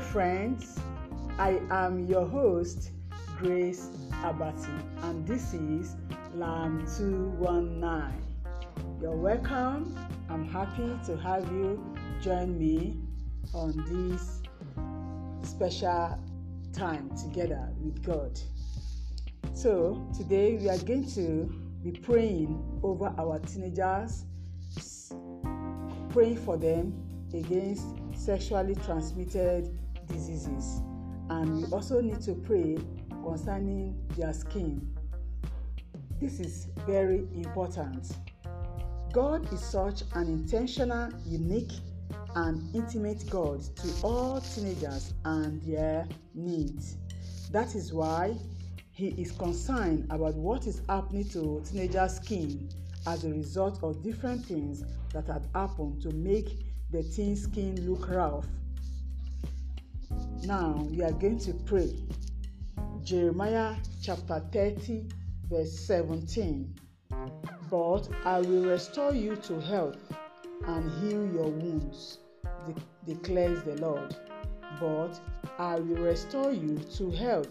friends. I am your host, Grace Abati, and this is LAM 219. You're welcome. I'm happy to have you join me on this special time together with God. So, today we are going to be praying over our teenagers, praying for them against sexually transmitted diseases. And you also need to pray concerning their skin. This is very important. God is such an intentional, unique, and intimate God to all teenagers and their needs. That is why He is concerned about what is happening to teenagers' skin as a result of different things that had happened to make the thin skin look rough now we are going to pray. Jeremiah chapter 30, verse 17. But I will restore you to health and heal your wounds, de- declares the Lord. But I will restore you to health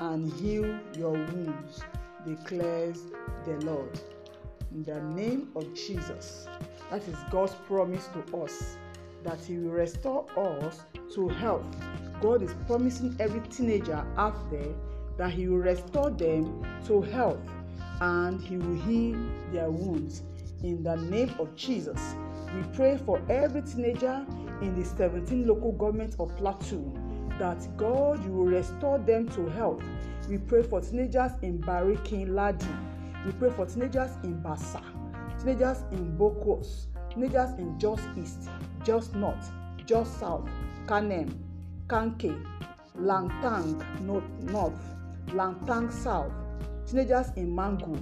and heal your wounds, declares the Lord. In the name of Jesus. That is God's promise to us that He will restore us to health. God is promising every teenager out there that He will restore them to health and He will heal their wounds. In the name of Jesus, we pray for every teenager in the 17 local governments of Plateau that God you will restore them to health. We pray for teenagers in Bariki Ladi. We pray for teenagers in Bassa. teenagers in Bokos, Leaders in Just East, Just North, Just South, Kanem, Kanke, Langtang North, Langtang South, teenagers in Mangu,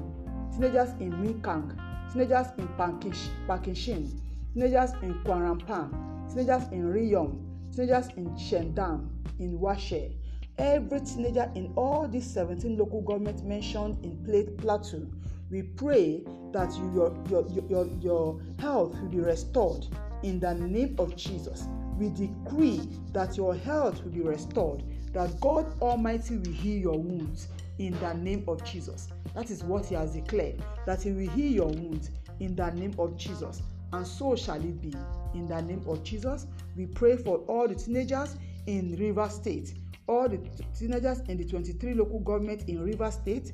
teenagers in Minkang, teenagers in Pankish, Pakinshin, teenagers in Kwarampan, teenagers in Riyong, teenagers in Shendam, in Washe. Every teenager in all these 17 local governments mentioned in Plate Plateau We pray that you, your, your, your, your health will be restored in the name of Jesus. We decree that your health will be restored, that God Almighty will heal your wounds in the name of Jesus. That is what He has declared, that He will heal your wounds in the name of Jesus. And so shall it be in the name of Jesus. We pray for all the teenagers in River State, all the teenagers in the 23 local government in River State,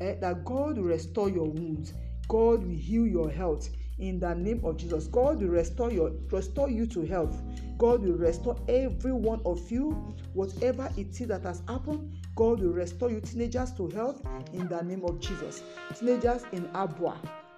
eh, that God will restore your wounds. God will heal your health in the name of Jesus. God will restore your restore you to health. God will restore every one of you. Whatever it is that has happened, God will restore you teenagers to health in the name of Jesus. Teenagers in Abua,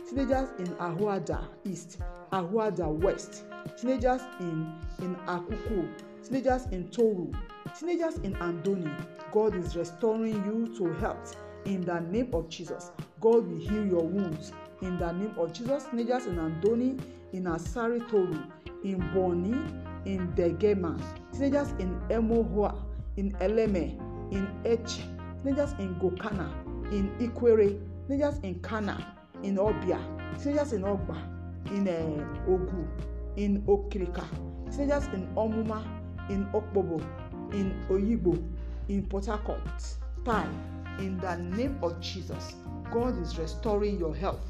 teenagers in Ahuada East, Ahuada West, teenagers in in Akuku, teenagers in Toru, teenagers in Andoni. God is restoring you to health in the name of Jesus. God will heal your wounds in the name of Jesus. Nejas in Andoni, in Asari Toru, in Boni, in Degema, teenagers in Emohua, in Eleme, in Echi, teenagers in Gokana, in Ikwere, teenagers in Kana, in Obia, teenagers in Ogba, in uh, Ogu, in Okrika, teenagers in Omuma, in Okbobo, in Oyibo, in Port Harcourt, Tai, in the name of Jesus. God is restoring your health.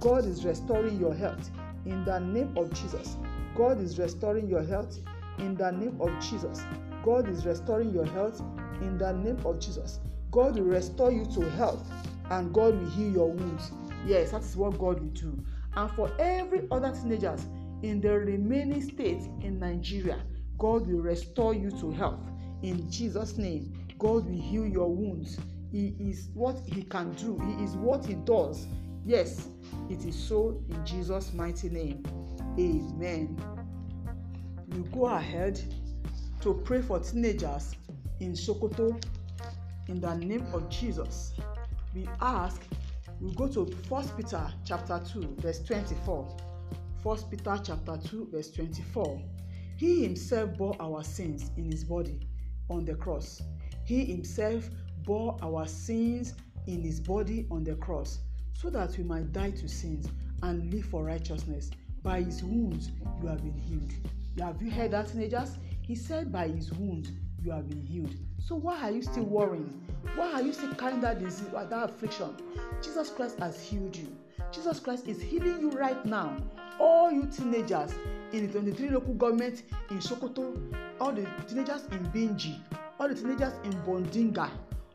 God is restoring your health in the name of Jesus. God is restoring your health in the name of Jesus. God is restoring your health in the name of Jesus. God will restore you to health and God will heal your wounds. Yes, that is what God will do. And for every other teenagers in the remaining states in Nigeria, God will restore you to health. In Jesus' name, God will heal your wounds he is what he can do, he is what he does. Yes, it is so in Jesus' mighty name. Amen. We go ahead to pray for teenagers in Sokoto in the name of Jesus. We ask, we go to 1 Peter chapter 2, verse 24. 1 Peter chapter 2, verse 24. He himself bore our sins in his body on the cross. He himself bore our sins in his body on the cross, so that we might die to sins and live for righteousness. By his wounds you have been healed. Have you heard that, teenagers? He said, By his wounds you have been healed. So why are you still worrying? Why are you still carrying that disease or uh, that affliction? Jesus Christ has healed you. Jesus Christ is healing you right now. All you teenagers in the 23 local government in Sokoto, all the teenagers in Benji, all the teenagers in Bondinga,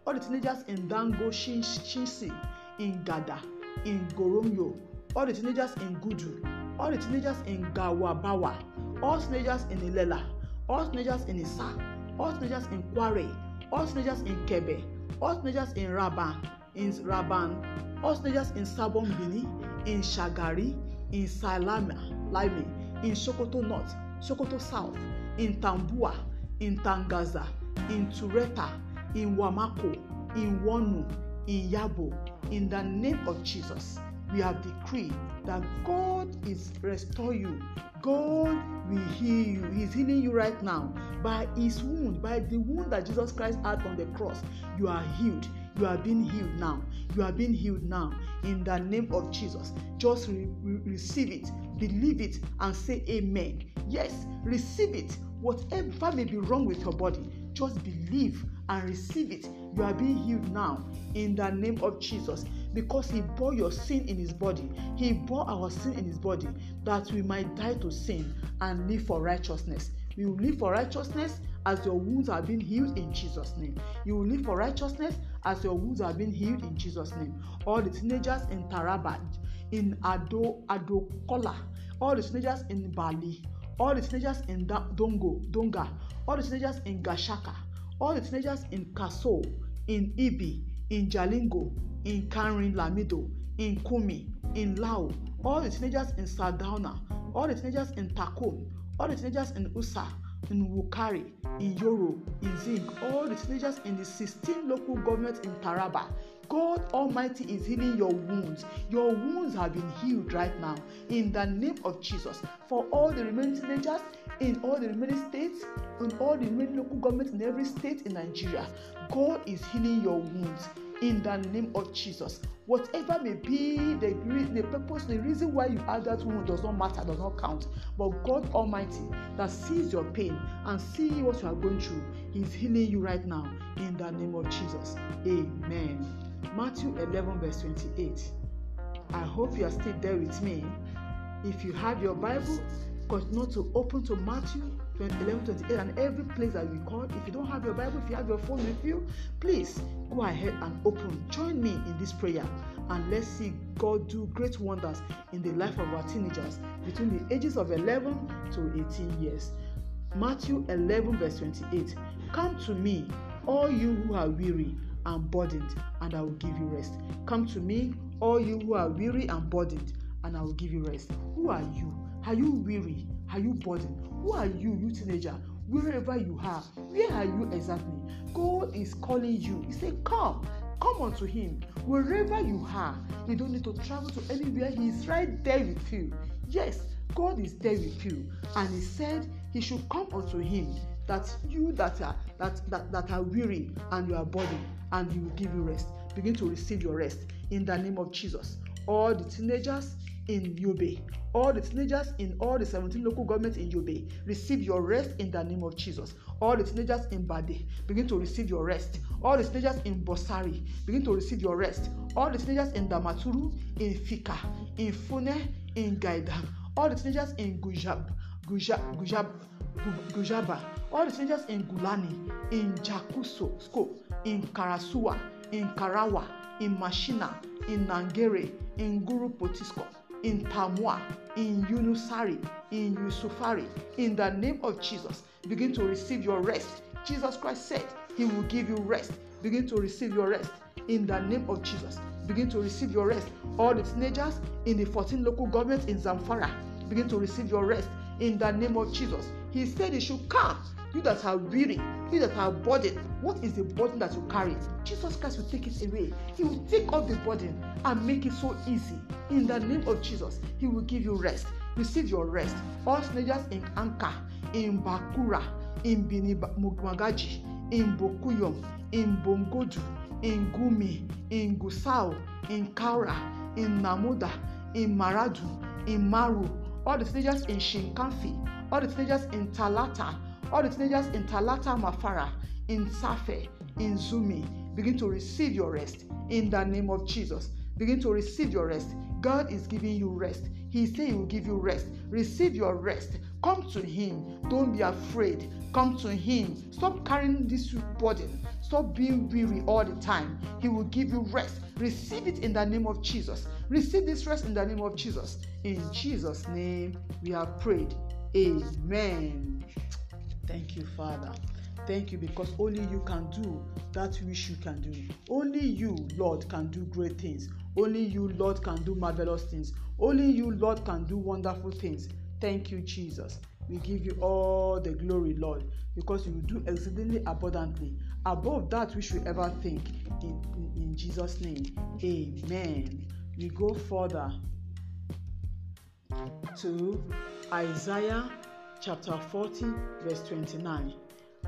all the teenagers in Dango Shinsi, in Gada, in Goromyo, all the teenagers in Gudu, all the teenagers in Gawabawa, all teenagers in Ilela, all teenagers in Isa, all teenagers in Kware, all teenagers in Kebe, all teenagers in Raban, in Raban, all teenagers in Sabon Bini, in Shagari, in Salama, Lime, in Sokoto North, Sokoto South, in Tambua, in Tangaza, in Tureta, in Wamako, in Wanu, in Yabo, in the name of Jesus, we have decreed that God is restore you. God will heal you. He's healing you right now by His wound, by the wound that Jesus Christ had on the cross. You are healed. You are being healed now. You are being healed now in the name of Jesus. Just re- re- receive it, believe it, and say Amen. Yes, receive it. Whatever may be wrong with your body, just believe and receive it. You are being healed now in the name of Jesus because He bore your sin in His body. He bore our sin in His body that we might die to sin and live for righteousness. We will live for righteousness as your wounds are being healed in Jesus' name. You will live for righteousness as your wounds are being healed in Jesus' name. All the teenagers in Taraba, in Ado Adokola, all the teenagers in Bali, all the teenagers in da- Dongo Donga, all the teenagers in Gashaka, all the teenagers in Kaso, in Ibi, in Jalingo, in Karin Lamido, in Kumi, in Lao, all the teenagers in Sardauna, all the teenagers in Takum, all the teenagers in Usa, in Wukari, in Yoro, in Zing, all the teenagers in the 16 local governments in Taraba. God Almighty is healing your wounds. Your wounds have been healed right now in the name of Jesus. For all the remaining teenagers, in all the remaining states, in all the remaining local governments in every state in Nigeria. God is healing your wounds in the name of Jesus. Whatever may be the, the purpose, the reason why you had that wound does not matter, does not count. But God Almighty that sees your pain and sees what you are going through, He is healing you right now in the name of Jesus. Amen. Matthew 11, verse 28. I hope you are still there with me. If you have your Bible, continue to open to Matthew 11 28 and every place that we call. If you don't have your Bible, if you have your phone with you, please go ahead and open. Join me in this prayer and let's see God do great wonders in the life of our teenagers between the ages of 11 to 18 years. Matthew 11, verse 28 Come to me, all you who are weary and burdened, and I will give you rest. Come to me, all you who are weary and burdened, and I will give you rest. Who are you? Are you weary? Are you burdened? Who are you, you teenager? Wherever you are, where are you exactly? God is calling you. He said, Come, come unto him wherever you are. You don't need to travel to anywhere. He is right there with you. Yes, God is there with you. And he said he should come unto him that you that are that, that, that are weary and you are burdened and he will give you rest. Begin to receive your rest in the name of Jesus. All the teenagers, in Yobe. All the teenagers in all the 17 local governments in Yobe, receive your rest in the name of Jesus. All the teenagers in Bade, begin to receive your rest. All the teenagers in Bosari, begin to receive your rest. All the teenagers in Damaturu, in Fika, in Fune, in Gaidam. All the teenagers in Gujab, Gujab, Gujab, Gujaba. All the teenagers in Gulani, in Jakuso, in Karasua, in Karawa, in Mashina, in Nangere, in Guru Potisko. in Tamwa, in Yunusari, in Yusufari, in the name of Jesus. Begin to receive your rest. Jesus Christ said, He will give you rest. Begin to receive your rest in the name of Jesus. Begin to receive your rest. All the teenagers in the 14 local governments in Zamfara, begin to receive your rest in the name of Jesus. He said, He should come. You that are weary, you that are burdened, what is the burden that you carry? Jesus Christ will take it away. He will take off the burden and make it so easy. In the name of Jesus, He will give you rest. Receive your rest. All teenagers in Anka, in Bakura, in Bini in Bokuyom, in Bongodu, in Gumi, in Gusau, in Kaura, in Namuda, in Maradu, in Maru, all the teenagers in Shinkanfi, all the teenagers in Talata, all the teenagers in Talata Mafara, in Safe, in Zumi, begin to receive your rest in the name of Jesus. Begin to receive your rest. God is giving you rest. He said He will give you rest. Receive your rest. Come to Him. Don't be afraid. Come to Him. Stop carrying this burden. Stop being weary all the time. He will give you rest. Receive it in the name of Jesus. Receive this rest in the name of Jesus. In Jesus' name, we have prayed. Amen. Thank you, Father. Thank you because only you can do that which you can do. Only you, Lord, can do great things. Only you, Lord, can do marvelous things. Only you, Lord, can do wonderful things. Thank you, Jesus. We give you all the glory, Lord, because you do exceedingly abundantly above that which we ever think. In, in, in Jesus' name, amen. We go further to Isaiah chapter 40, verse 29.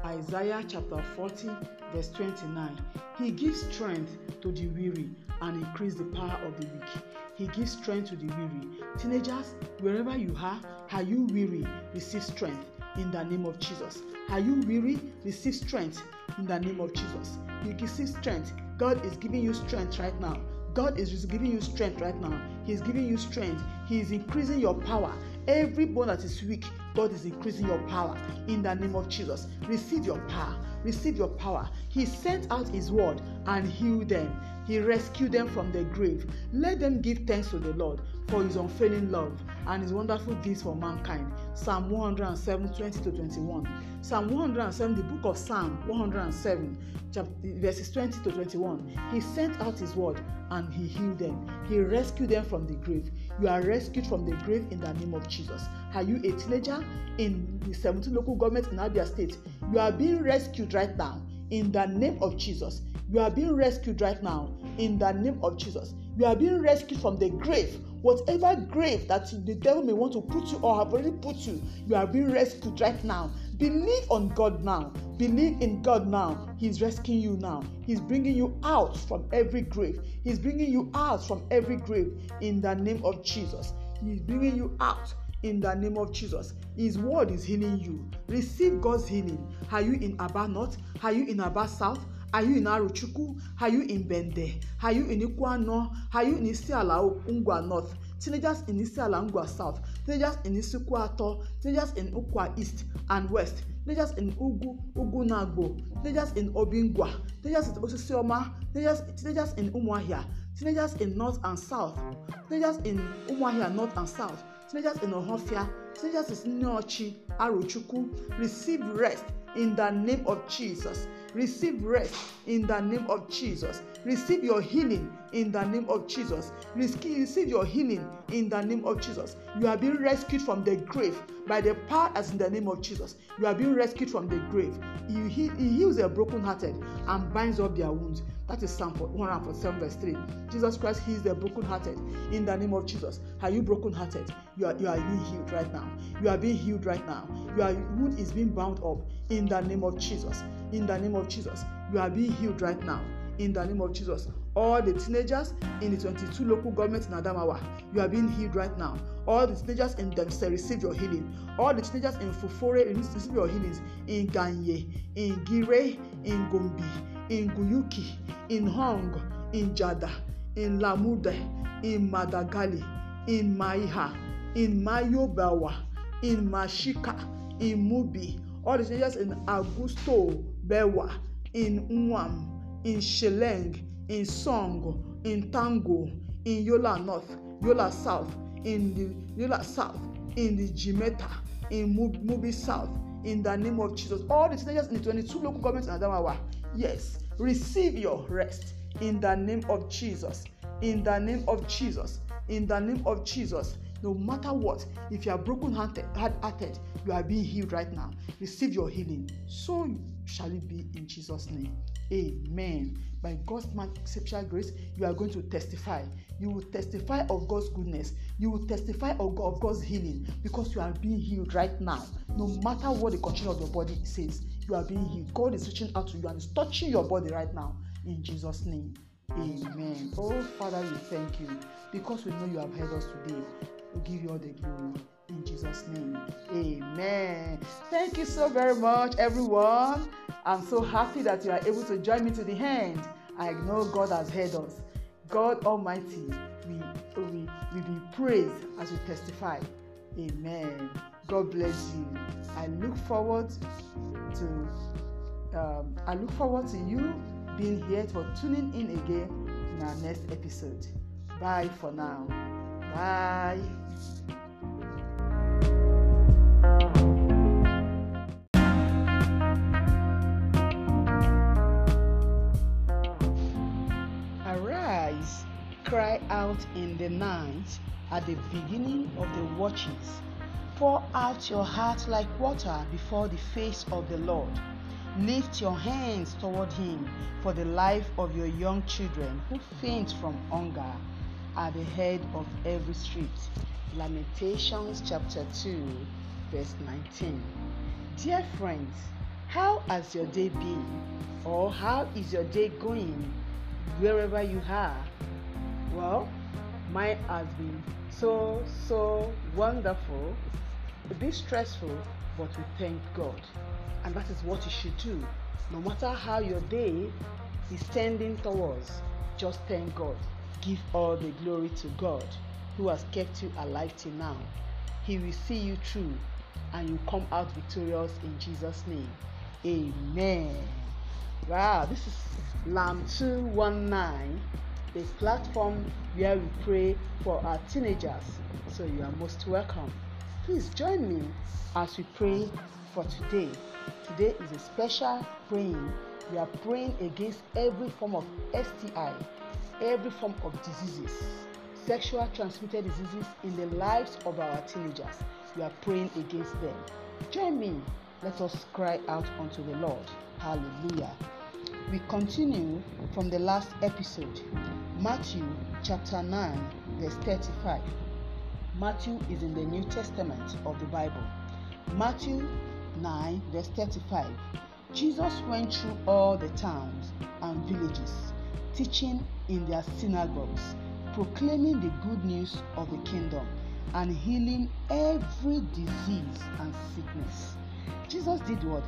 Isaiah chapter 40, verse 29. He gives strength to the weary and increase the power of the weak. He gives strength to the weary. Teenagers, wherever you are, are you weary? Receive strength in the name of Jesus. Are you weary? Receive strength in the name of Jesus. You receive strength. God is giving you strength right now. God is giving you strength right now. He is giving you strength. He is increasing your power. Every bone that is weak, God is increasing your power in the name of Jesus. Receive your power. Receive your power. He sent out His word and healed them. He rescued them from the grave. Let them give thanks to the Lord for His unfailing love and His wonderful deeds for mankind. Psalm 107 20 to 21. Psalm 107, the book of Psalm 107, chapter, verses 20 to 21. He sent out His word and He healed them. He rescued them from the grave. You are rescued from the grave in the name of Jesus. Are you a teenager in the 17 local governments in Abia State? You are being rescued right now in the name of Jesus. You are being rescued right now in the name of Jesus. You are being rescued from the grave. Whatever grave that the devil may want to put you or have already put you, you are being rescued right now Believe on God now. Believe in God now. He's rescuing you now. He's bringing you out from every grave. He's bringing you out from every grave in the name of Jesus. He's bringing you out in the name of Jesus. His word is healing you. Receive God's healing. Are you in Aba North? Are you in Aba South? Are you in Aruchukwu? Are you in Bende? Are you in Ikwano? Are you in Isiala Ngwa North? Teenagers in Isiala Ngwa South. Rangers in Isukwato, Rangers in Ukwa East and West, Rangers in Ugu Ugunagbo, Rangers in Obingwa, Rangers in Osisioma, Rangers, Rangers in Umuahia, Rangers in North and South, Rangers in Umuahia North and South, Rangers in Ohofia, Rangers in Nneochi, Aruchuku, receive rest in the name of Jesus. Receive rest in the name of Jesus. Receive your healing in the name of Jesus. Receive your healing in the name of Jesus. You are being rescued from the grave by the power as in the name of Jesus. You are being rescued from the grave. He, he, he heals the brokenhearted and binds up their wounds. That is mm. Psalm 147, verse 3. Jesus Christ heals the brokenhearted in the name of Jesus. Are you brokenhearted? You are, you are being healed right now. You are being healed right now. Your wound is being bound up in the name of Jesus. In the name of Jesus. You are being healed right now. In the name of Jesus. All the teenagers in the 22 local governments in Adamawa, you are being healed right now. All the teenagers in Dempsey receive your healing. All the teenagers in Fufore receive your healings. In Ganye, in Gire, in Gombe, in Guyuki, in Hong, in Jada, in Lamude, in Madagali, in Maiha, in Mayobawa, in Mashika, in Mubi, all the changes in Augusto, Bewa, in Nwam, in Sheleng, in Song, in Tango, in Yola North, Yola South, in the Yola South, in the Jimeta, in Mubi South, in the name of Jesus. All the changes in the twenty-two local governments in Adamawa Yes, receive your rest in the name of Jesus. In the name of Jesus. In the name of Jesus. No matter what, if you are broken hearted, you are being healed right now. Receive your healing. So shall it be in Jesus' name. Amen. By God's exceptional grace, you are going to testify. You will testify of God's goodness. You will testify of, God, of God's healing because you are being healed right now, no matter what the condition of your body says you are being healed. God is reaching out to you and is touching your body right now in Jesus' name. Amen. Oh, Father, we thank you because we know you have heard us today. We give you all the glory in Jesus' name. Amen. Thank you so very much, everyone. I'm so happy that you are able to join me to the end. I know God has heard us. God Almighty, we, we, we be praised as we testify. Amen. God bless you. I look forward to um, I look forward to you being here for tuning in again in our next episode. Bye for now. Bye. Arise, cry out in the night at the beginning of the watches Pour out your heart like water before the face of the Lord. Lift your hands toward Him for the life of your young children who faint from hunger at the head of every street. Lamentations chapter 2, verse 19. Dear friends, how has your day been? Or how is your day going wherever you are? Well, mine has been so, so wonderful it be stressful, but we thank God. And that is what you should do. No matter how your day is tending towards, just thank God. Give all the glory to God who has kept you alive till now. He will see you through and you come out victorious in Jesus' name. Amen. Wow, this is Lamb 219, the platform where we pray for our teenagers. So you are most welcome. Please join me as we pray for today. Today is a special praying. We are praying against every form of STI, every form of diseases, sexual transmitted diseases in the lives of our teenagers. We are praying against them. Join me. Let us cry out unto the Lord. Hallelujah. We continue from the last episode, Matthew chapter 9, verse 35. Matthew is in the New Testament of the Bible. Matthew 9, verse 35. Jesus went through all the towns and villages, teaching in their synagogues, proclaiming the good news of the kingdom, and healing every disease and sickness. Jesus did what?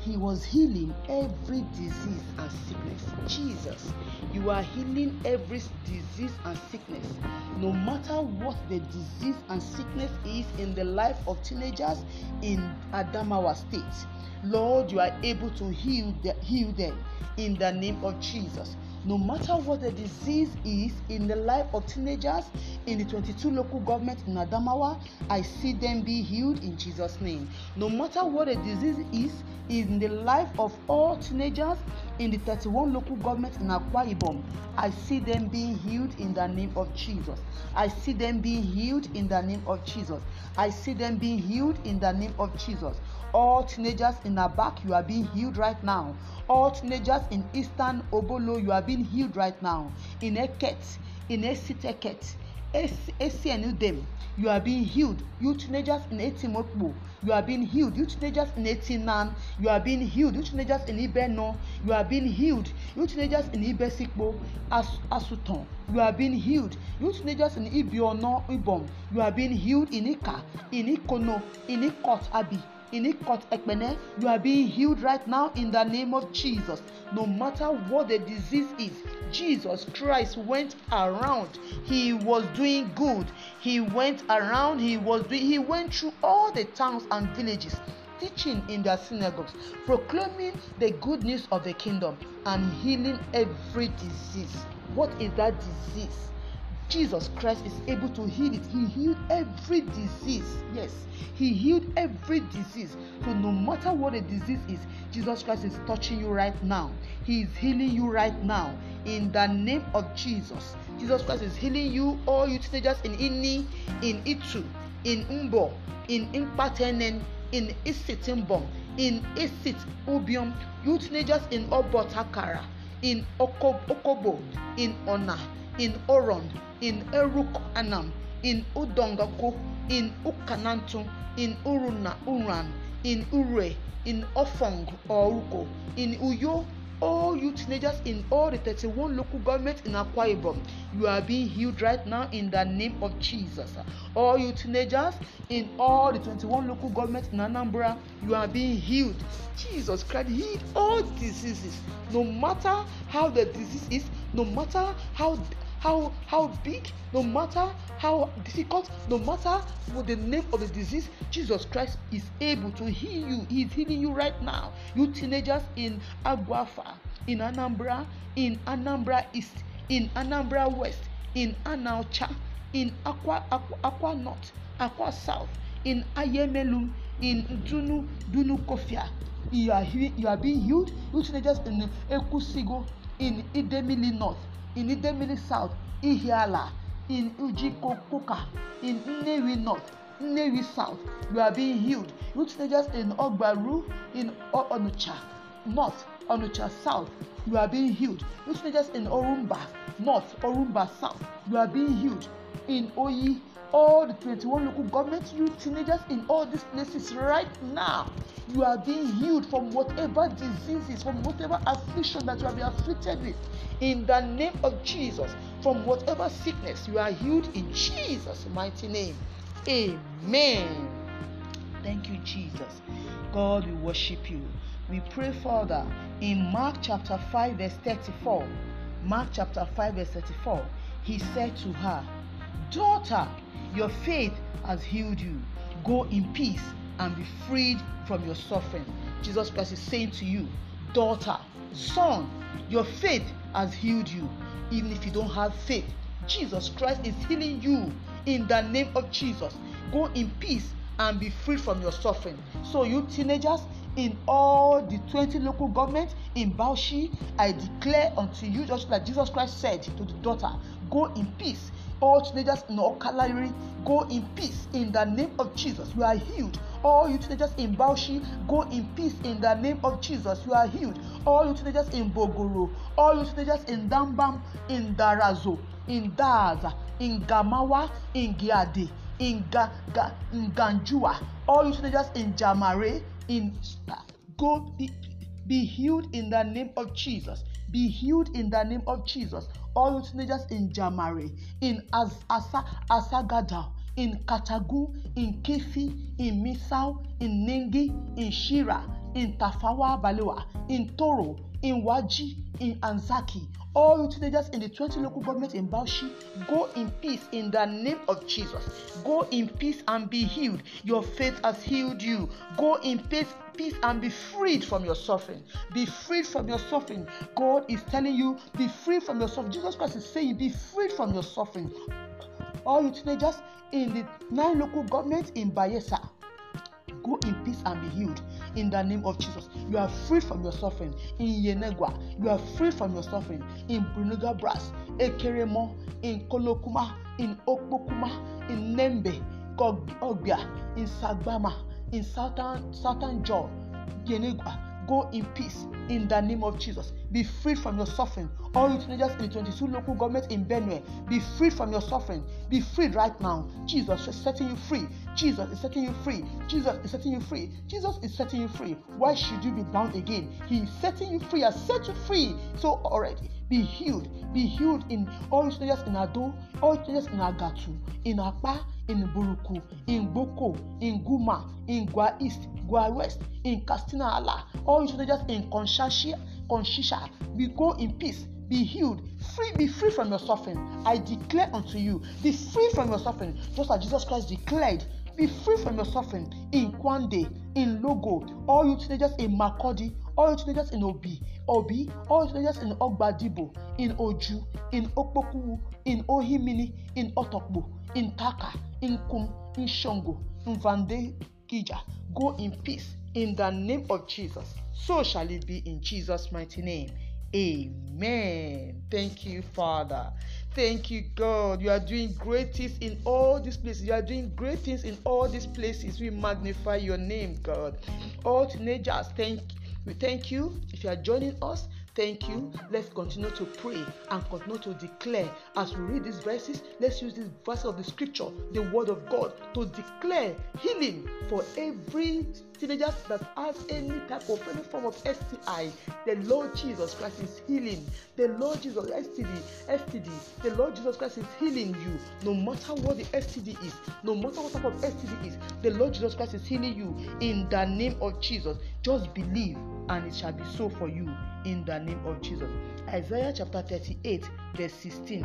He was healing every disease and sickness. Jesus, you are healing every disease and sickness. No matter what the disease and sickness is in the life of teenagers in Adamawa State, Lord, you are able to heal, the, heal them in the name of Jesus no matter what the disease is in the life of teenagers in the 22 local government in Adamawa, I see them be healed in Jesus' name. No matter what the disease is in the life of all teenagers in the 31 local governments in Akwa Ibom. I see them being healed in the name of Jesus. I see them being healed in the name of Jesus. I see them being healed in the name of Jesus. All teenagers in Abak, you are being healed right now. All teenagers in Eastern Obolo, you are being healed right now. In Eket, in Esiteket, ACN them. You are being healed. You teenagers in 18 Mokbo. You are being healed. You teenagers in Etinan, You are being healed. You teenagers in Ibeno. You are being healed. You teenagers in Ibesikbo. As Asuton. You are being healed. You teenagers in Ibiono Ibom. You are being healed in Ika, in Ikono, in Ikot Abi. Inikot Ekmene, you are being healed right now in the name of Jesus. No matter what the disease is, Jesus Christ went around. He was doing good. He went around. He was doing, he went through all the towns and villages teaching in their synagogues, proclaiming the good news of the kingdom and healing every disease. What is that disease? Jesus Christ is able to heal it. He healed every disease. Yes, He healed every disease. So, no matter what the disease is, Jesus Christ is touching you right now. He is healing you right now. In the name of Jesus, Jesus Christ is healing you, all you teenagers in Ini, in Itu, in Umbo, in Impatenen, in Isitimbom, in Isit Ubium, you teenagers in Obotakara, in Okobo, in Ona. in Oron, in Eruk Anam, in Udongaku, in Ukanantu, in Uruna Uran, in Ure, in Ofong or Uko, in Uyo, all you teenagers in all the 31 local governments in Akwa Ibom, you are being healed right now in the name of Jesus. All you teenagers in all the 21 local governments in Anambra, you are being healed. Jesus Christ healed all diseases, no matter how the disease is, no matter how how how big no matter how difficult no matter what the name of the disease jesus christ is able to heal you he is healing you right now you teenagers in aguafa in anambra in anambra east in anambra west in anaucha in akwa akwa, akwa north akwa south in ayemelu in dunu dunu kofia you are healing you are being healed you teenagers in ekusigo in idemili north in Idemili South, Ihiala, in Ujikokoka, in Nnewi North, Nnewi South, you are being healed. Root stages in Ogbaru, in o Onucha North, Onucha South, you are being healed. Root stages in Orumba North, Orumba South, you are being healed. In Oyi, all the 21 local governments, you teenagers in all these places right now, you are being healed from whatever diseases, from whatever affliction that you have been afflicted with. In the name of Jesus, from whatever sickness, you are healed in Jesus' mighty name. Amen. Thank you, Jesus. God, we worship you. We pray, Father, in Mark chapter 5, verse 34. Mark chapter 5, verse 34, he said to her, Daughter, your faith has healed you. Go in peace and be freed from your suffering. Jesus Christ is saying to you, daughter, son, your faith has healed you. Even if you don't have faith, Jesus Christ is healing you in the name of Jesus. Go in peace and be free from your suffering. So, you teenagers, in all the 20 local governments in Bauchi, I declare unto you, just like Jesus Christ said to the daughter, go in peace All teenagers in all Kalari, go in peace in the name of Jesus. You are healed. All you teenagers in Bauchi, go in peace in the name of Jesus. You are healed. All you teenagers in Bogoro, all you teenagers in Dambam, in Darazo, in Daza, in Gamawa, in Giade, in, Ga, Ga, in Ganjua, all you teenagers in Jamare, in uh, go in peace. Be healed in the name of Jesus. Be healed in the name of Jesus. All you teenagers in Jamari, in As- Asa- Asagada, in Katagu, in Kifi, in Misau, in Nengi, in Shira, in Tafawa Balewa, in Toro, in Waji, in Anzaki. All you teenagers in the 20 local governments in Bauchi, go in peace in the name of Jesus. Go in peace and be healed. Your faith has healed you. Go in peace peace and be freed from your suffering. Be freed from your suffering. God is telling you, be freed from your suffering. Jesus Christ is saying, be freed from your suffering. All you teenagers in the nine local governments in Bayelsa, go in peace and be healed in the name of Jesus. You are free from your suffering. In Yenegua, you are free from your suffering. In Brunuga Brass, Ekeremo, in Kolokuma, in Okbokuma, in Nembe, Ogbia, in Sagbama, in certain certain joy go in peace in the name of Jesus. Be freed from your suffering. All you teenagers in the 22 local governments in Benue, be freed from your suffering. Be freed right now. Jesus is setting you free. Jesus is setting you free. Jesus is setting you free. Jesus is setting you free. Why should you be bound again? He is setting you free. Has set you free. So already be healed. Be healed in all teenagers in Ado, all teenagers in Agatu, in Akpa, in Buruku, in Boko, in Guma, in Gwa East, Gwa West, in Castina Allah, all you soldiers in Konshashia, Konshisha, we go in peace be healed free be free from your suffering i declare unto you be free from your suffering just as jesus christ declared Be free from your suffering in Kwande, in Logo, all you teenagers in Makodi, all you teenagers in Obi, Obi, all you teenagers in Ogbadibo, in Oju, in Okpoku, in Ohimini, in Otokbo, in Taka, in Kum, in Shongo, in Vande Kija. Go in peace in the name of Jesus. So shall it be in Jesus' mighty name. Amen. Thank you, Father. Thank you, God. You are doing great things in all these places. You are doing great things in all these places. We magnify your name, God. All teenagers, thank We thank you if you are joining us Thank you. Let's continue to pray and continue to declare. As we read these verses, let's use these verses of the scripture, the word of God, to declare healing for every teenager that has any type of any form of STI. The Lord Jesus Christ is healing. The Lord Jesus STD, STD. The Lord Jesus Christ is healing you. No matter what the STD is, no matter what type of STD is, the Lord Jesus Christ is healing you in the name of Jesus. Just believe, and it shall be so for you in the name of Jesus. Isaiah chapter 38, verse 16.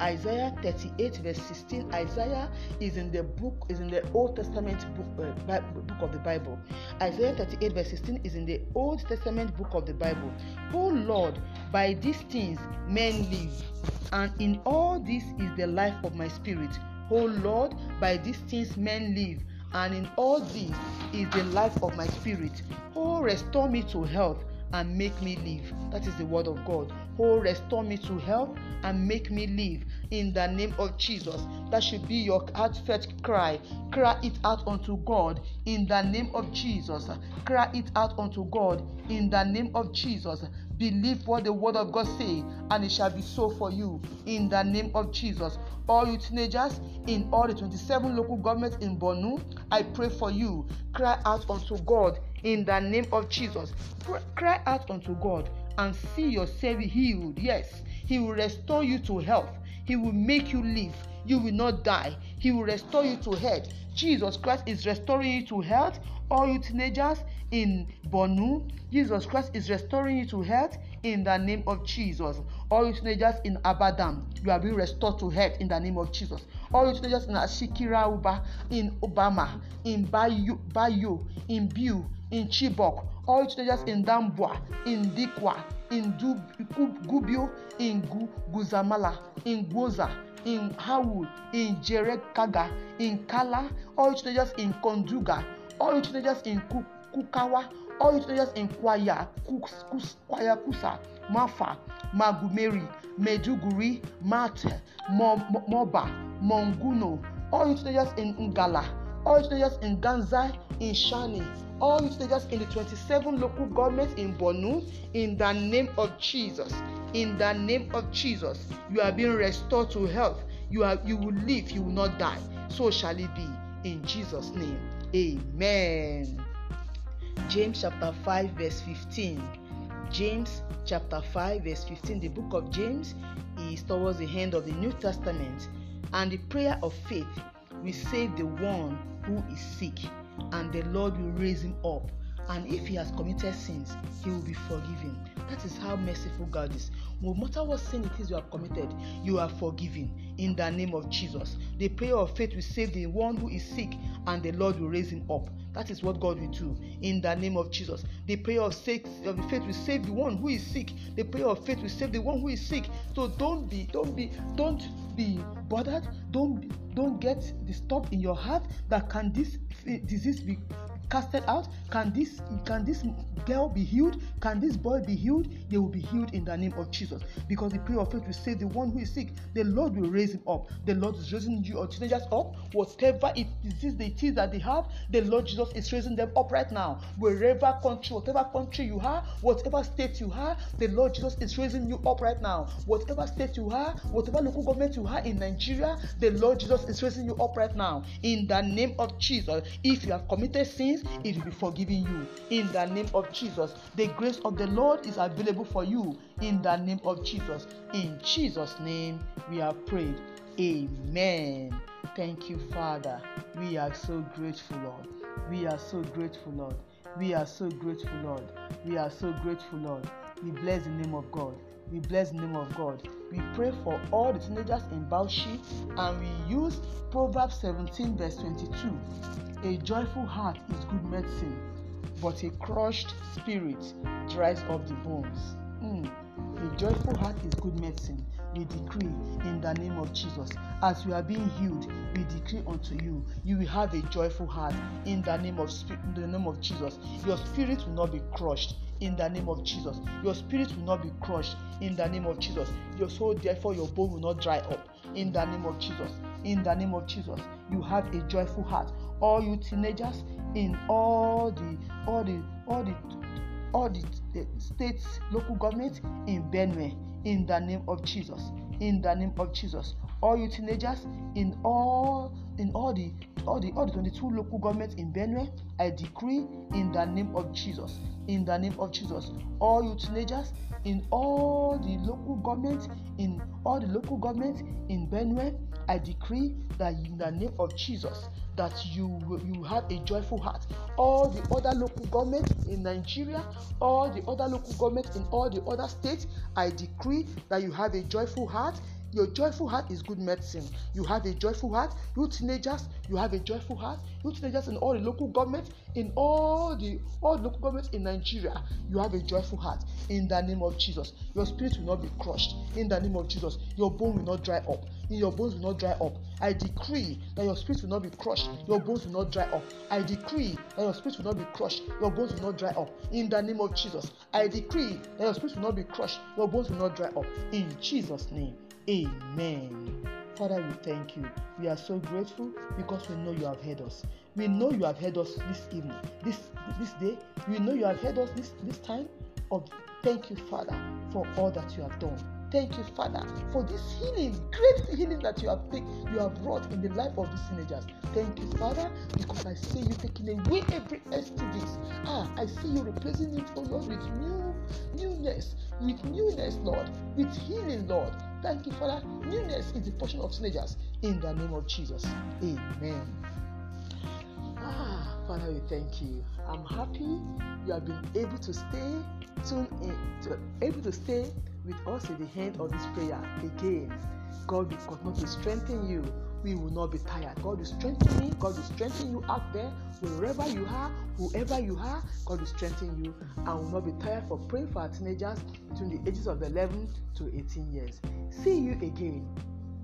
Isaiah 38 verse 16. Isaiah is in the book is in the Old Testament book, uh, book of the Bible. Isaiah 38 verse 16 is in the Old Testament book of the Bible. Oh Lord, by these things men live, and in all this is the life of my spirit. Oh Lord, by these things men live, and in all this is the life of my spirit. Oh, restore me to health and make me live. That is the word of God. Oh, restore me to health and make me live in the name of Jesus. That should be your heartfelt cry. Cry it out unto God in the name of Jesus. Cry it out unto God in the name of Jesus. Believe what the word of God say, and it shall be so for you in the name of Jesus. All you teenagers in all the 27 local governments in Bornu, I pray for you. Cry out unto God in the name of Jesus. Cry out unto God and see your Savior healed. Yes, He will restore you to health he will make you live. You will not die. He will restore you to health. Jesus Christ is restoring you to health. All you teenagers in Bonu, Jesus Christ is restoring you to health in the name of Jesus. All you teenagers in Abadam, you are being restored to health in the name of Jesus. All you teenagers in Ashikira Uba, in Obama, in Bayou, Bayou in Bu, in Chibok, all teenagers in Dambwa, in Dikwa, in Dub Gubio, in Gu Guzamala, in Gwoza, in Hawul, in Jerekaga, in Kala, all teenagers in Konduga, all teenagers in Kukawa, all teenagers in Kwaya, Kus, Kwaya Kusa, Mafa, Magumeri, Meduguri, Mate, Moba, Monguno, all teenagers in Ngala, all stages in Ganzai, in Shani, all stages in the 27 local governments in Bonu, in the name of Jesus. In the name of Jesus, you are being restored to health. You are you will live, you will not die. So shall it be in Jesus' name. Amen. James chapter 5, verse 15. James chapter 5, verse 15. The book of James is towards the end of the New Testament, and the prayer of faith will save the one who is sick, and the Lord will raise him up and if he has committed sins, he will be forgiven. That is how merciful God is. No matter what sin it is you have committed, you are forgiven in the name of Jesus. The prayer of faith will save the one who is sick, and the Lord will raise him up. That is what God will do in the name of Jesus. The prayer of faith, will save the one who is sick. The prayer of faith will save the one who is sick. So don't be, don't be, don't be bothered. Don't don't get disturbed in your heart that can this disease be casted out? Can this can this girl be healed? Can this boy be healed? They will be healed in the name of Jesus. Because the prayer of faith will save the one who is sick. The Lord will raise him up. The Lord is raising you or teenagers up. Whatever it is the tears that they have, the Lord Jesus is raising them up right now. Wherever country, whatever country you are, whatever state you are, the Lord Jesus is raising you up right now. Whatever state you are, whatever local government you are in Nigeria, the Lord Jesus is raising you up right now. In the name of Jesus. If you have committed sins, sins, it will be forgiven you. In the name of Jesus, the grace of the Lord is available for you. In the name of Jesus. In Jesus' name, we are prayed. Amen. Thank you, Father. We are so grateful, Lord. We are so grateful, Lord. We are so grateful, Lord. We are so grateful, Lord. We bless the name of God we bless the name of God. We pray for all the teenagers in Bauchi and we use Proverbs 17, verse 22. A joyful heart is good medicine, but a crushed spirit dries up the bones. Mm. A joyful heart is good medicine. We decree in the name of Jesus. As you are being healed, we decree unto you, you will have a joyful heart in the name of in the name of Jesus. Your spirit will not be crushed in the name of Jesus. Your spirit will not be crushed in the name of Jesus. Your soul, therefore, your bone will not dry up in the name of Jesus. In the name of Jesus, you have a joyful heart. All you teenagers in all the all the all the all the uh, states, local government in Benue, in the name of Jesus. In the name of Jesus, all you teenagers in all in all the all the all the 22 local governments in Benue, I decree in the name of Jesus, in the name of Jesus, all you teenagers in all the local governments, in all the local governments in Benue, I decree that in the name of Jesus, that you you have a joyful heart. All the other local governments in Nigeria, all the other local governments in all the other states, I decree that you have a joyful heart your joyful heart is good medicine. You have a joyful heart. You teenagers, you have a joyful heart. You teenagers in all the local governments, in all the all the local governments in Nigeria, you have a joyful heart. In the name of Jesus, your spirit will not be crushed. In the name of Jesus, your bone will not dry up. Your bones will not dry up. I decree that your spirit will not be crushed. Your bones will not dry up. I decree that your spirit will not be crushed. Your bones will not dry up. In the name of Jesus, I decree that your spirit will not be crushed. Your bones will not dry up. In Jesus' name. Amen. Father, we thank you. We are so grateful because we know you have heard us. We know you have heard us this evening, this this day. We know you have heard us this this time. Of thank you, Father, for all that you have done. Thank you, Father, for this healing, great healing that you have take, you have brought in the life of these teenagers. Thank you, Father, because I see you taking away every STDs. Ah, I see you replacing it, oh Lord, with new newness, with newness, Lord, with healing, Lord. Thank you, Father. Newness is the portion of teenagers in the name of Jesus. Amen. Ah, Father, we thank you. I'm happy you have been able to stay tuned in, to, able to stay with us at the end of this prayer. Again, God will continue to strengthen you we will not be tired. God will strengthen me. God will strengthen you out there, wherever you are, whoever you are. God will strengthen you and will not be tired for praying for our teenagers between the ages of 11 to 18 years. See you again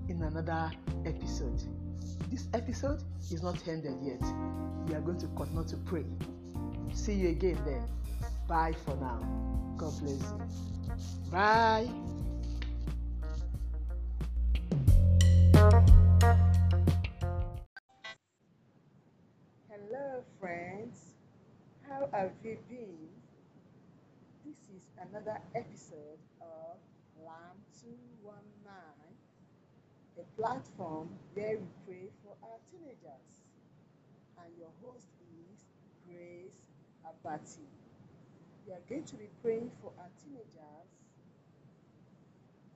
in another episode. This episode is not ended yet. We are going to continue to pray. See you again then. Bye for now. God bless you. Bye. Avivim. This is another episode of Lamb 219, a platform where we pray for our teenagers. And your host is Grace Abati. We are going to be praying for our teenagers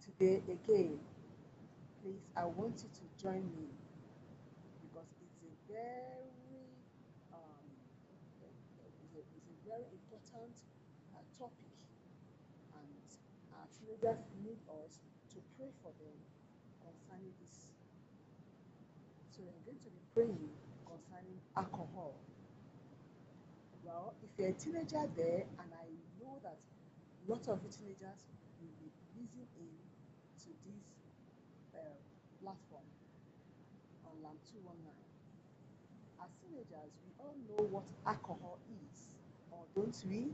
today again. Please, I want you to join me because it's a very leaders need us to pray for them concerning this. So we're going to be praying concerning alcohol. Well, if you're a teenager there, and I know that lots of teenagers will be listening in to this uh, platform on LAM 219. As teenagers, we all know what alcohol is, or don't we?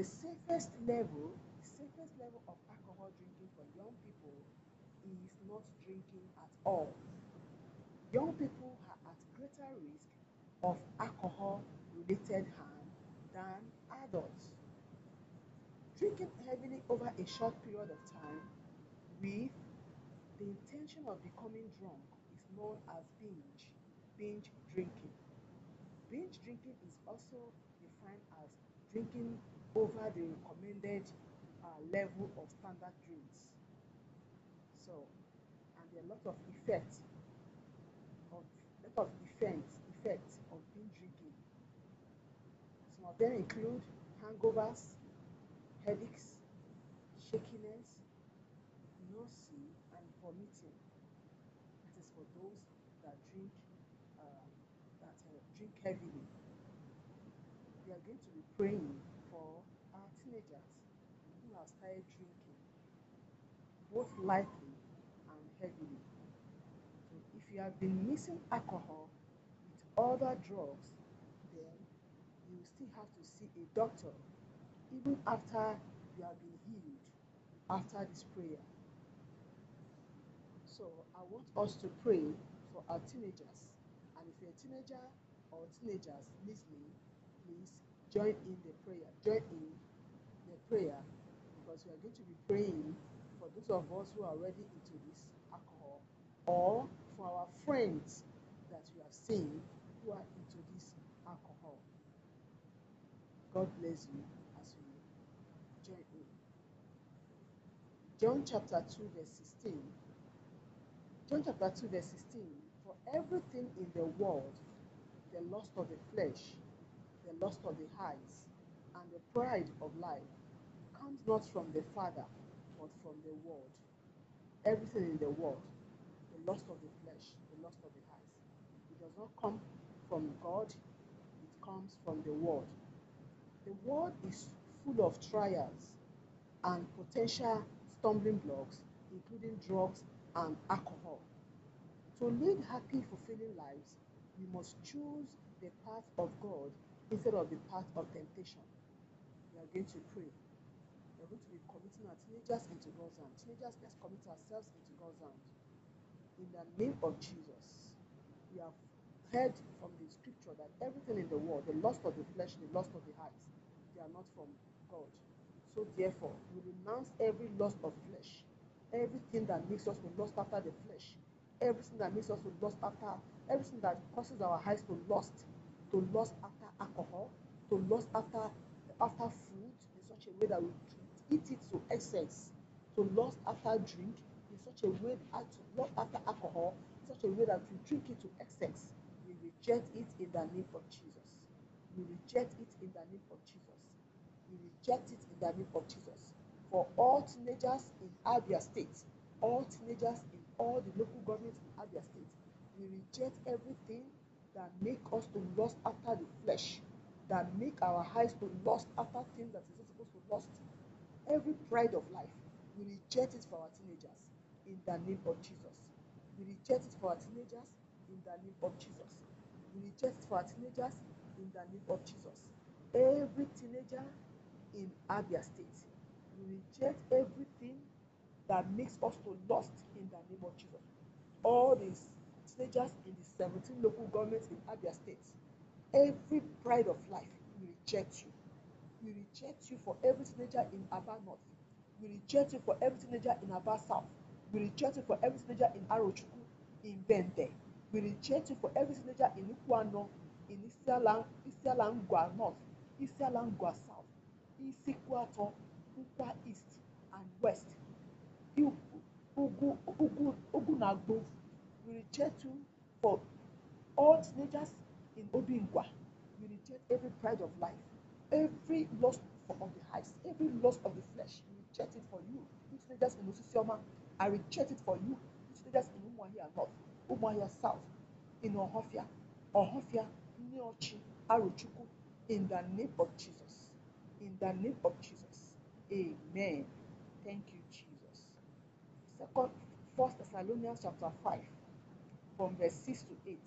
The safest level, the safest level of alcohol drinking for young people is not drinking at all. Young people are at greater risk of alcohol related harm than adults. Drinking heavily over a short period of time with the intention of becoming drunk is known as binge, binge drinking. Binge drinking is also defined as drinking over the recommended uh, level of standard drinks, So, and there are a lot of effects, of lot of effects effects of being drinking. Some of them include hangovers, headaches, shakiness, nausea, and vomiting. That is for those that drink uh, that uh, drink heavily. They are going to be praying both lightly and heavily. So if you have been mixing alcohol with other drugs, then you still have to see a doctor even after you have been healed after this prayer. So I want us to pray for our teenagers. And if you're a teenager or teenagers listening, please join in the prayer. Join in the prayer because we are going to be praying for those of us who are already into this alcohol or for our friends that you have seen who are into this alcohol. God bless you as you join in. John chapter 2, verse 16. John chapter 2, verse 16. For everything in the world, the lust of the flesh, the lust of the eyes, and the pride of life comes not from the Father, from the world, everything in the world, the lust of the flesh, the lust of the eyes. It does not come from God, it comes from the world. The world is full of trials and potential stumbling blocks, including drugs and alcohol. To lead happy, fulfilling lives, we must choose the path of God instead of the path of temptation. We are going to pray we're going to be committing our teenagers into God's hand. Teenagers, let's commit ourselves into God's hand. In the name of Jesus, we have heard from the scripture that everything in the world, the lust of the flesh, the lust of the heart, they are not from God. So therefore, we renounce every lust of flesh, everything that makes us to lust after the flesh, everything that makes us to lust after, everything that causes our eyes to lust, to lust after alcohol, to lust after after food in such a way that we eat it to excess, to lust after drink in such a way that lust after alcohol, in such a way that we drink it to excess. We reject it in the name of Jesus. We reject it in the name of Jesus. We reject it in the name of Jesus. For all teenagers in Abia State, all teenagers in all the local governments in Abia State, we reject everything that make us to lust after the flesh, that make our hearts to lust after things that is not supposed to lust every pride of life. We reject it for our teenagers in the name of Jesus. We reject it for our teenagers in the name of Jesus. We reject it for our teenagers in the name of Jesus. Every teenager in Abia State, we reject everything that makes us to lost in the name of Jesus. All these teenagers in the seventeen local governments in Abia State, every pride of life, we reject you We reject you for every teenager in Aba North. We reject you for every teenager in Aba South. We reject you for every teenager in Arochukwu, in Bente. We reject you for every teenager in Ikwano, in Isialang, Isialangwa North, Isialangwa South, Isikwato, Ukwa East and West, Ugu, Ugu, Ugu, Ugunagbo. We reject you for all teenagers in Obingwa. We reject every pride of life every lust of the eyes, every lust of the flesh, reject it for you. If just in Osisioma, I reject it for you. If just in Umuahia North, Umuahia South, in Ohofia, Ohofia, Neochi, Aruchuku, in the name of Jesus. In the name of Jesus. Amen. Thank you, Jesus. Second, First Thessalonians chapter five, from verse six to eight.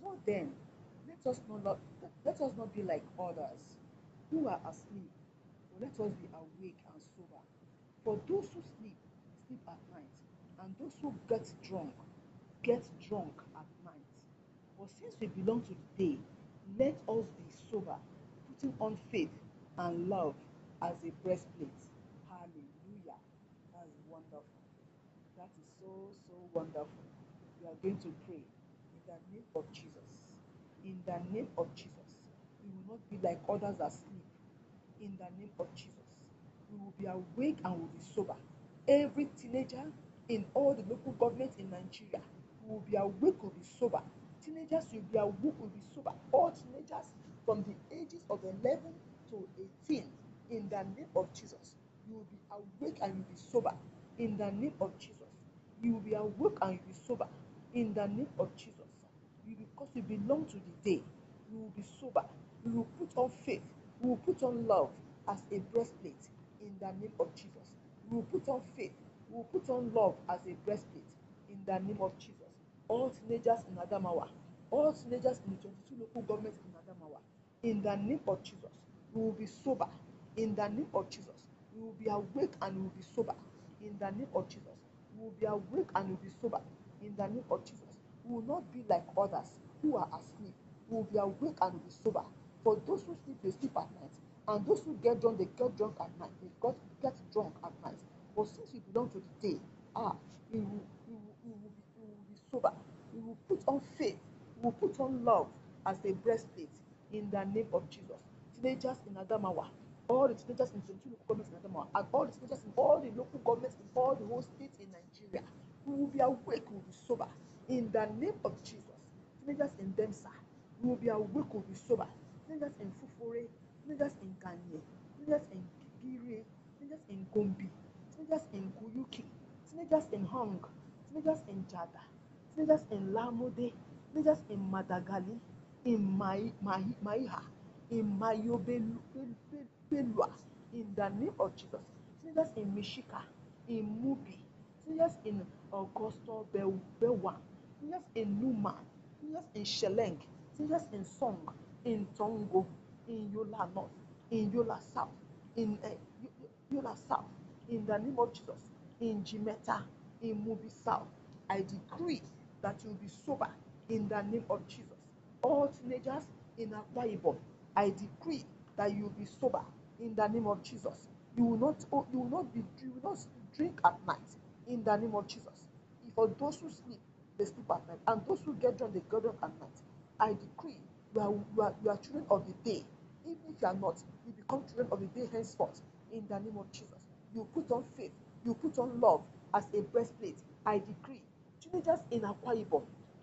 So then, let us not, let us not be like others who are asleep, but let us be awake and sober. For those who sleep, sleep at night, and those who get drunk, get drunk at night. But since we belong to the day, let us be sober, putting on faith and love as a breastplate. Hallelujah. That is wonderful. That is so, so wonderful. We are going to pray in the name of Jesus in the name of Jesus. We will not be like others asleep in the name of Jesus. We will be awake and will be sober. Every teenager in all the local governments in Nigeria will be awake, will be sober. Teenagers will be awake, will be sober. All teenagers from the ages of 11 to 18 in the name of Jesus. You will be awake and you'll be sober in the name of Jesus. You will be awake and you'll be sober in the name of Jesus you, because you belong to the day, you will be sober. You will put on faith. You will put on love as a breastplate in the name of Jesus. You will put on faith. You will put on love as a breastplate in the name of Jesus. All teenagers in Adamawa, all teenagers in the 22 local governments in Adamawa, in the name of Jesus, you will be sober. In the name of Jesus, you will be awake and you will be sober. In the name of Jesus, you will be awake and you will be sober. In the name of Jesus. We will not be like others who are asleep. We will be awake and be sober. For those who sleep, they sleep at night. And those who get drunk, they get drunk at night. They got, get drunk at night. But since we belong to the day, ah, we will, we will, we will, be, we will be sober. We will put on faith. We will put on love as a breastplate in the name of Jesus. Teenagers in Adamawa, all the teenagers in Central local governments in Adamawa, and all the teenagers in all the local governments in all the whole states in Nigeria, we will be awake, we will be sober. In the name of Jesus, teenagers in Demsa, you will be awake, will be sober. Teenagers in Fufure, teenagers in Ganye, teenagers in Giri, teenagers in Gombe, teenagers in Kuyuki, teenagers in Hong, teenagers in Jada, teenagers in Lamode, teenagers in Madagali, in Mai, Mai, Maiha, in Mayobelua, in the name of Jesus, teenagers in Mishika, in Mubi, teenagers in Augusto Bewa. Be Singers in Luma, singers in Sheleng, singers in Song, in Tongo, in Yola North, in Yola South, in uh, Yola South, in the name of Jesus, in Jimeta, in Mubi South. I decree that you'll be sober in the name of Jesus. All teenagers in Akwa Ibom, I decree that you'll be sober in the name of Jesus. You will not, you will not be, you will not drink at night in the name of Jesus. For those who sleep, they sleep at night. And those who get drunk, they get drunk at night. I decree you are, you are, you are children of the day. Even if you are not, you become children of the day henceforth in the name of Jesus. You put on faith, you put on love as a breastplate. I decree teenagers in Akwa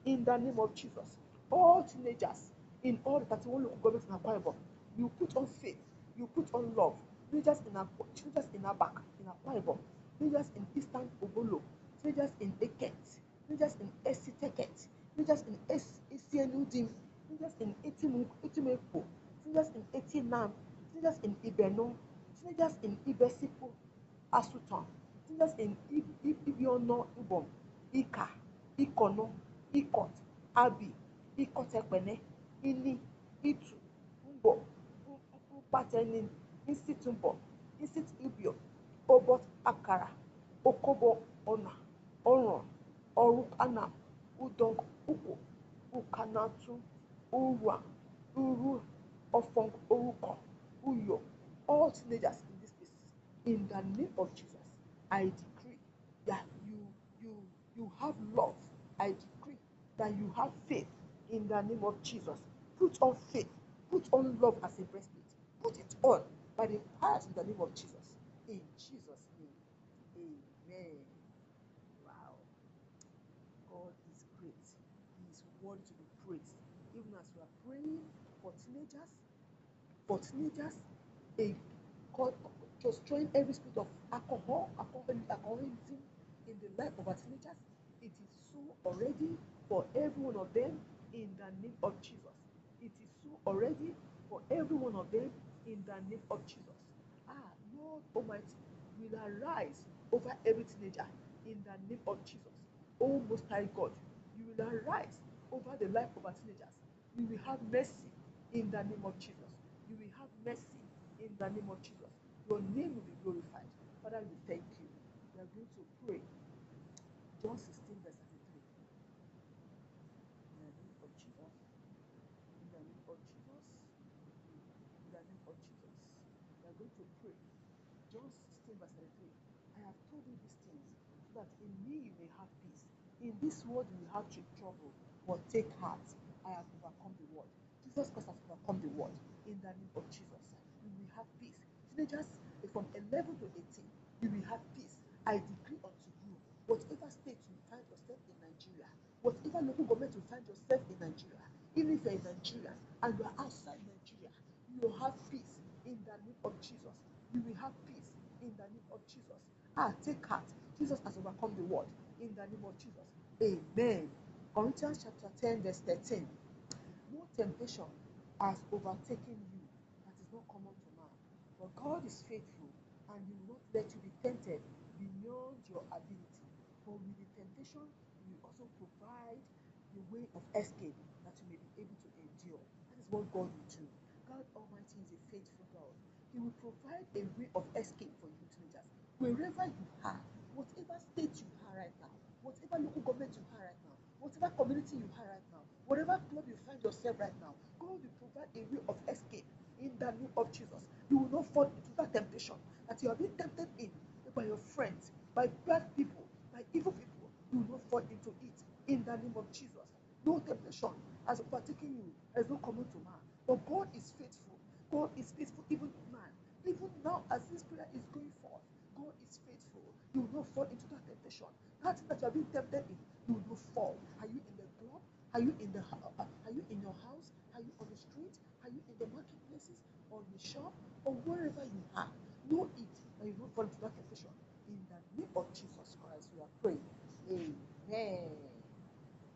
in the name of Jesus. All teenagers in all the 31 local governments in Akwa you put on faith, you put on love. Teenagers in Akwa, teenagers in Abak, in Akwa teenagers in Eastern Obolo, teenagers in Ekent. minjas in esi teket minjas in esi eludim minjas in etimekpo minjas in etinam minjas in ibenum minjas in ibesipo asutan minjas in ibiono ibom ika ikono ikot abi ikotepene ini itu mbo mpatenin nsitumbo nsit ibio obot akara okobo ona oran. Udo, Ukanatu, Urua, Uru, Oruko, Uyo, all teenagers in this place, in the name of Jesus, I decree that you, you, you have love. I decree that you have faith in the name of Jesus. Put on faith, put on love as a breastplate. Put it on by the power in the name of Jesus. In Jesus' to be praised, even as we are praying for teenagers, for teenagers, a destroying every spirit of alcohol, alcoholism in the life of our teenagers. It is so already for every one of them in the name of Jesus. It is so already for every one of them in the name of Jesus. Ah, Lord Almighty, will arise over every teenager in the name of Jesus. Oh, Most High God, you will arise over the life of our teenagers. we will have mercy in the name of Jesus. You will have mercy in the name of Jesus. Your name will be glorified. Father, we thank you. We are going to pray. John 16, verse 33. In the name of Jesus. In the name of Jesus. In the name of Jesus. We are going to pray. John 16, verse 33. I have told you these things so that in me you may have peace. In this world you will have trouble but take heart, I have overcome the world. Jesus Christ has overcome the world. In the name of Jesus, we will have peace. Teenagers from 11 to 18, we will have peace. I decree unto you, whatever state you find yourself in Nigeria, whatever local government you find yourself in Nigeria, even if you're in Nigeria and you're outside Nigeria, you will have peace in the name of Jesus. You will have peace in the name of Jesus. Ah, take heart. Jesus has overcome the world in the name of Jesus. Amen. Corinthians chapter 10, verse 13. No temptation has overtaken you that is not common to man. But God is faithful and he will not let you be tempted beyond your ability. For with the temptation, He will also provide the way of escape that you may be able to endure. That is what God will do. God Almighty is a faithful God. He will provide a way of escape for you, to just Wherever you are, whatever state you are right now, whatever local government you are right now, whatever community you are right now, whatever club you find yourself right now, God will provide a way of escape in the name of Jesus. You will not fall into that temptation that you have been tempted in by your friends, by bad people, by evil people. You will not fall into it in the name of Jesus. No temptation has overtaken you, has not come to man. But God is faithful. God is faithful even to man. Even now, as this prayer is going forth, God is faithful. You will not fall into that temptation. That that you have been tempted in, you fall. Are you in the club? Are you in the uh, uh, are you in your house? Are you on the street? Are you in the marketplaces or the shop or wherever you are? Know it and you don't fall into that temptation. In the name of Jesus Christ, we are praying. Amen.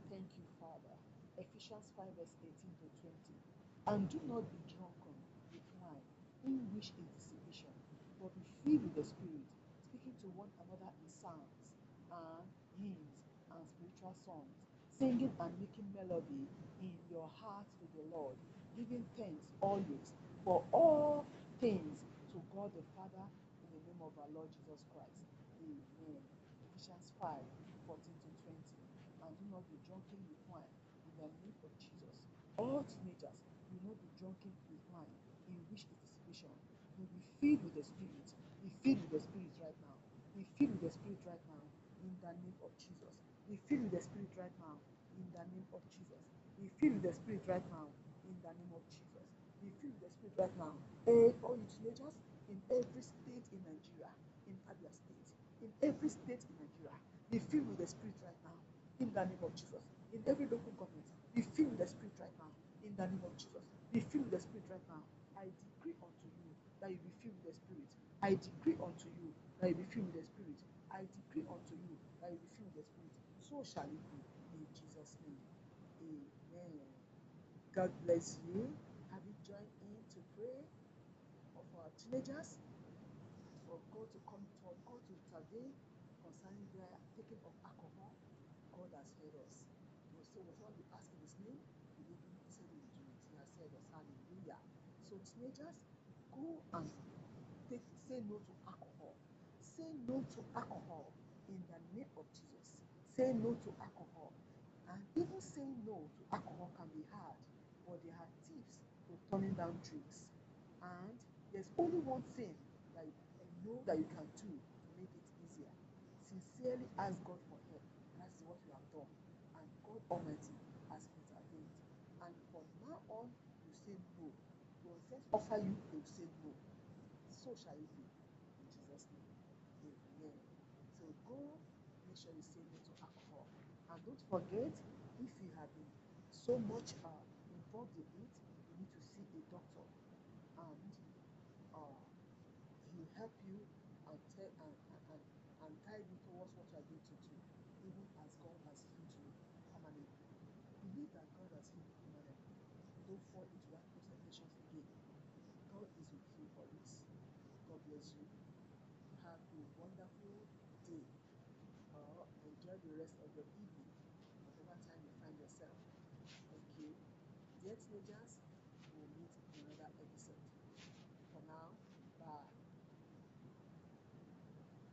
Thank you, Father. Ephesians 5 verse 18 to 20. And do not be drunken with wine, in which is dissipation, but be filled with the Spirit, speaking to one another in psalms spiritual songs, singing and making melody in your heart to the Lord, giving thanks always for all things to God the Father in the name of our Lord Jesus Christ. Amen. Ephesians 5 14 to 20. And do not be drunken with wine in the name of Jesus. All teenagers do not be drunken with wine in which is the You'll be filled with the Spirit. Be filled with the Spirit right now. Be filled with the Spirit right now in the name we fill with the Spirit right now in the name of Jesus. We fill with the Spirit right now in the name of Jesus. We fill with the Spirit right now. all you teenagers in every state in Nigeria, in Abia State, in every state in Nigeria. we fill with the Spirit right now in the name of Jesus. In every local government, we fill with the Spirit right now in the name of Jesus. We fill with the Spirit right now. I decree unto you that you be filled with the Spirit. I decree unto you that you be filled with the Spirit. I decree unto you so shall it be in Jesus' name. Amen. God bless you. Have you joined in to pray for our teenagers? For God to come to God to today concerning their taking of alcohol. God has heard us. So whatever we ask in His name, He will He said we will do it. He has said us. Hallelujah. So teenagers, go and take, say no to alcohol. Say no to alcohol in the name of Jesus. Say no to alcohol. And even saying no to alcohol can be hard, but there are tips for turning down drinks. And there's only one thing that you know that you can do to make it easier. Sincerely ask God for help. That's what you have done. And God Almighty has intervened. And from now on, you say no. You will just offer you, to say no. So shall it be. In Jesus' name. Amen. So go, make sure you say don't forget if you have been so much uh, involved in